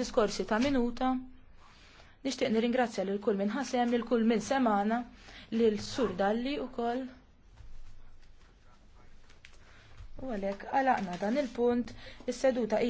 diskorsi ta' minuta. Nixtieq nirringrazzja lil kull minn ħasem, lil kull minn semana, lil sur dalli wkoll. U għalhekk għalaqna dan il-punt, is-seduta hija